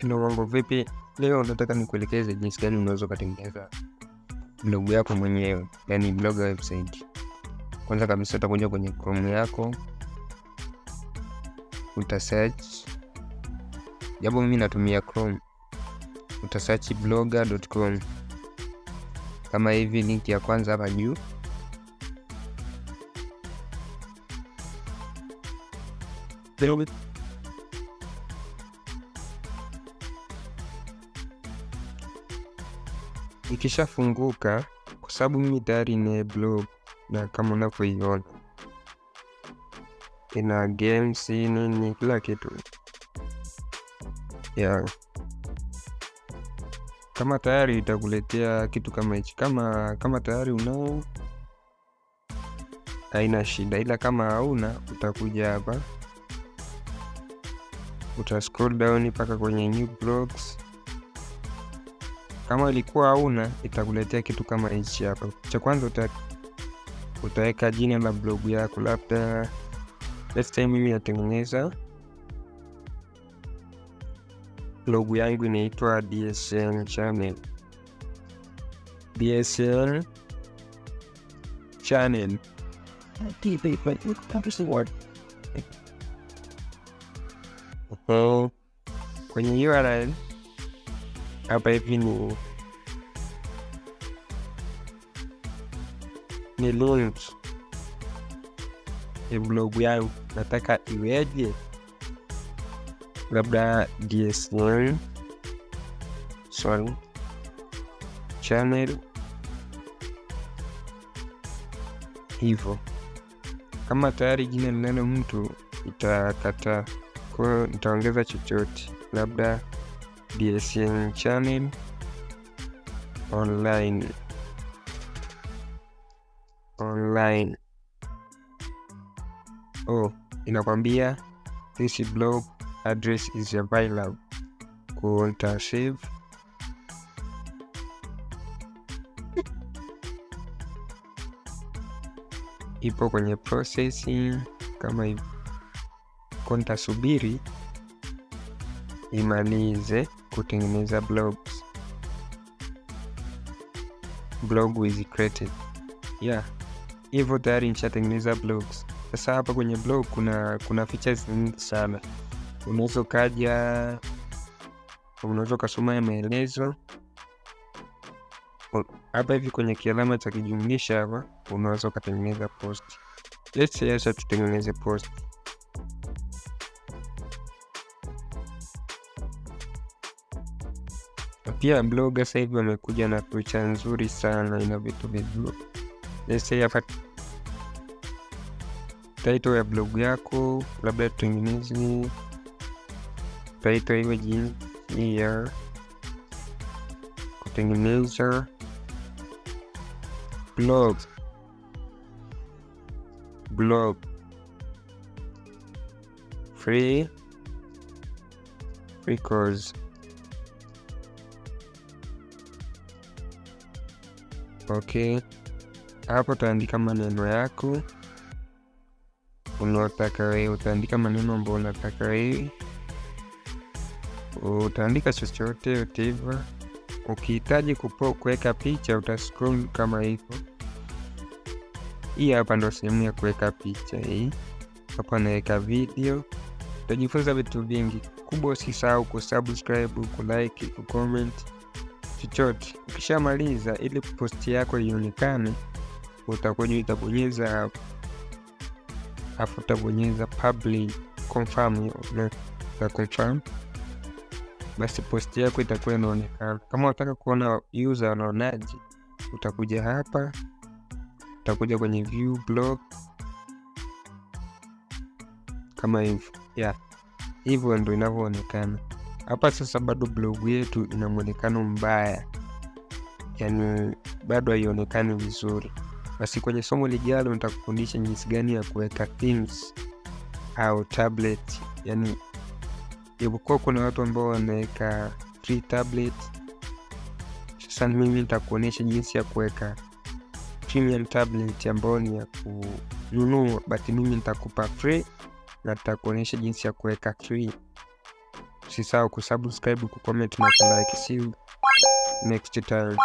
Hello, mambo vipi? Leo nataka nikuelekeze jinsi gani unaweza ukatengeneza blogu yako mwenyewe, yani blog website. Kwanza kabisa utakuja kwenye Chrome yako, uta search, japo mimi natumia Chrome, uta search blogger.com kama hivi, link ya kwanza hapa juu. ikishafunguka, kwa sababu mimi tayari ni blog, na kama unavyoiona ina games nini kila kitu ya kama tayari itakuletea kitu kama hichi. Kama kama tayari unao haina shida, ila kama hauna utakuja hapa uta scroll down mpaka kwenye new blogs. Kama ilikuwa hauna, itakuletea kitu kama hichi hapa. Cha kwanza utaweka jina la blogu yako, labda next time mimi natengeneza blogu yangu inaitwa DSL channel, DSL channel kwenye URL hapa hivi ni ni link blogu yangu, nataka iweje? Labda dsn sorry channel hivyo. Kama tayari jina linalo mtu itakata, kwa hiyo nitaongeza chochote labda BSN channel online online. Oh, inakwambia this blog address is available. Kuta save ipo kwenye processing kama hivi, konta subiri imalize kutengeneza blogs. Blog is created. Yeah. Hivyo tayari nishatengeneza blogs. Sasa hapa kwenye blog kuna kuna features nyingi sana. Unaweza ukaja, unaweza ukasoma maelezo hapa hivi kwenye kialama cha kijumlisha hapa, unaweza ukatengeneza post. Let's say tutengeneze post. pia bloga sasa hivi wamekuja na picha nzuri sana, ina vitu vizuri. Taito ya blog yako labda tutengeneze taito iwe jinsi ya kutengeneza blog blog free free course ok hapo utaandika maneno yako unaotaka wewe, utaandika maneno ambao unataka wewe, utaandika chochote utiva. Ukihitaji kuweka picha utascroll kama hivo Hii hapa ndo sehemu ya kuweka picha hii. Hapa naweka video, utajifunza vitu vingi kubwa. Usisahau kusubscribe, kulike, kucomment chochote. Ukishamaliza, ili posti yako ionekane, utakuja utabonyeza, afu utabonyeza public confirm, na confirm basi posti yako itakuwa inaonekana. Kama unataka kuona user anaonaje, utakuja hapa, utakuja kwenye view blog kama hivyo. Yeah, hivyo ndo inavyoonekana. Hapa sasa bado blogu yetu ina mwonekano mbaya, yani bado haionekani vizuri. Basi kwenye somo lijalo nitakufundisha jinsi gani ya kuweka themes au tablet. Yani ipokuwa kuna watu ambao wanaweka free tablet, sasa mimi nitakuonyesha jinsi ya kuweka premium tablet ambayo ni ya kununua, but mimi nitakupa free na nitakuonyesha jinsi ya kuweka free. Usisahau kusubscribe, kucomment na kulike. See you next time.